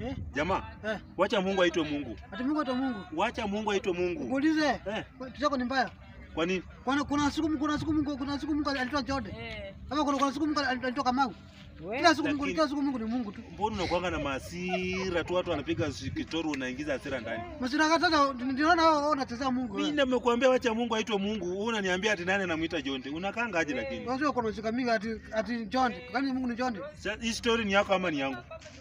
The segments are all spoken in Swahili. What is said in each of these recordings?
Eh? Jamaa. Eh. Wacha Mungu aitwe Mungu. Ati Mungu aitwe Mungu. Wacha Mungu aitwe Mungu. Muulize. Eh. Tutako ni mbaya. Kwa nini? Kuna siku kuna siku Mungu kuna siku Mungu alitoa Jode. Eh. Kama kuna kuna siku Mungu alitoa Kamau. Kila siku Mungu, kila siku Mungu ni Mungu tu. Mbona unakuanga na hasira tu, watu wanapiga kitoro, unaingiza hasira ndani. Msina kata Ndiona wao wanachezea Mungu. Mimi nimekuambia wacha Mungu aitwe Mungu. Wewe unaniambia ati nani anamuita Jonde? Unakaanga aje lakini? Wewe uko na shika mingi ati ati Jonde. Kani Mungu ni Jonde? Hii story ni yako ama ni yangu?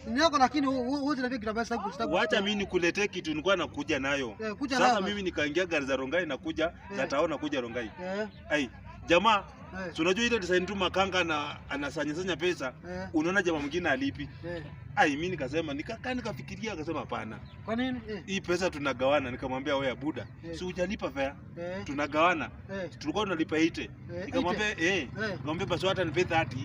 Ni yako lakini wewe unapia kitu basi sababu. Wacha mimi nikuletee kitu nilikuwa nakuja nayo. Eh, sasa mimi nikaingia gari za Rongai nakuja, nataona eh. kuja Rongai. Eh. Ai jamaa Hey. Eh. unajua ile design tu Makanga na anasanyasanya pesa hey. Eh. Unaona jamaa mwingine alipi hey. Eh. Ai, mimi nikasema nikakaa nikafikiria, akasema hapana. Kwa nini Hey. hii pesa tunagawana? Nikamwambia wewe Buda hey. Si hujalipa fare hey. Tunagawana hey. Tulikuwa tunalipa ite hey. Nikamwambia eh hey. Nikamwambia basi hata nipe 30 hey.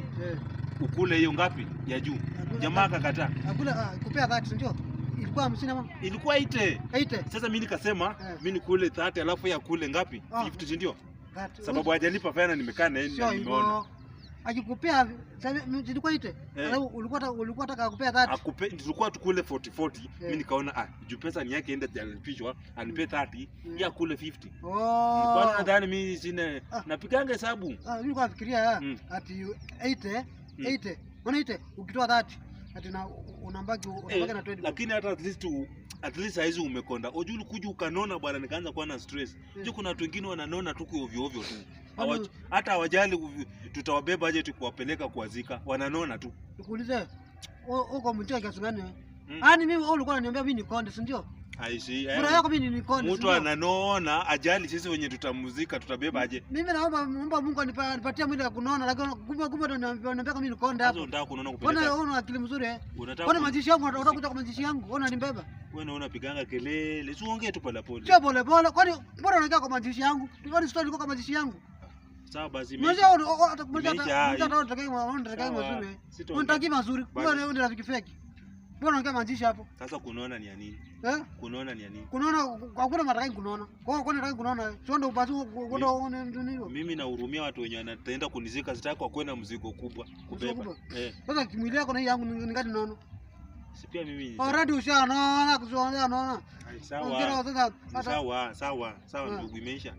Ukule hiyo ngapi ya juu, jamaa akakataa. Akula ah, kupea 30 ndio ilikuwa 50 ama ilikuwa ite ite. Sasa mimi nikasema hey. Mimi nikule 30 alafu ya kule ngapi 50 oh. Ah. Ndio sababu hajalipa fedha, nimekaa na yeye nimeona akikupea zilikuwa ite eh. sababu ulikuwa ulikuwa taka kupea 30 akupe, tulikuwa tukule 40 40 Mimi nikaona ah, juu pesa ni yake, ende jalipishwa anipe 30 mm. ya kule 50 oh. nini ndani mimi sina ah. napiganga hesabu ah, mimi nilikuwa nafikiria mm. ati 80 80 unaite ukitoa 30 Eh, lakini hata at least at least saizi umekonda uju ulikuja ukanona bwana, nikaanza kuwa na stress yeah. Juu kuna watu wengine wananona tu ovyo ovyo tu hata hawajali tutawabeba aje tukuwapeleka kuwazika, wananona tu. Nikuulize uko mtu kiasi gani? Hmm. Yaani mimi ulikuwa unaniambia mimi nikonde, si ndio? mtu ananoona ajali sisi wenye tutamuzika tutabeba aje? Mimi naomba naomba Mungu anipatie mwili wa kunona, lakini kumbe kumbe ndo niambia kama nikonda hapo. Unataka kunona kupeleka? Mbona una akili mzuri eh? Mbona majishi yangu unataka kuja kwa majishi yangu? Mbona unanibeba? Wewe unaona piganga kelele. Si uongee tu pole pole. Sio pole pole. Kwani mbona unaongea kwa majishi yangu? Kwani sio niko kwa majishi yangu? Sawa basi mimi. Unataka unataka unataka mazuri. Unataka mazuri. Wewe ndio rafiki feki. Mbona ongea maandishi hapo? Sasa kunaona ni ya nini? Eh? Kunaona ni ya nini? Kunaona hakuna mataka kunaona. Kwa hiyo kwani nataka kunaona. Sio ndio upazu kwenda uone ndio hiyo? Mimi nahurumia watu wenye wanaenda kunizika sitaki kwa kwenda mzigo kubwa kubeba. Eh. Sasa kimwili yako na hii yangu ningati nono. Si pia mimi. Already ushaona kuzoona naona. Sawa. Sawa, sawa, ah. ndugu imeisha.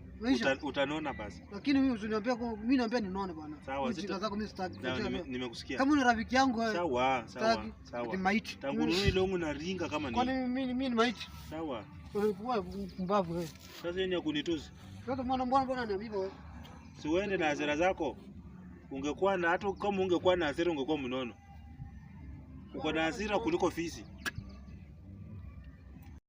Utanona basi. Lakini mimi usiniambie mimi naambia ninaone bwana. Sawa, sita zako mimi sitaki. Nimekusikia. Kama ni rafiki yangu Sawa, sawa, sawa. Ni maiti. Tangu nini longo na ringa kama ni. Kwani mimi mimi ni maiti. Sawa. Wewe mbavu wewe. Sasa yeye ni akunitusi. Sasa mwana mbona mbona ananiambia wewe? Si uende na hasira zako. Ungekuwa na hata kama ungekuwa na hasira ungekuwa mnono uko na hasira kuliko fisi.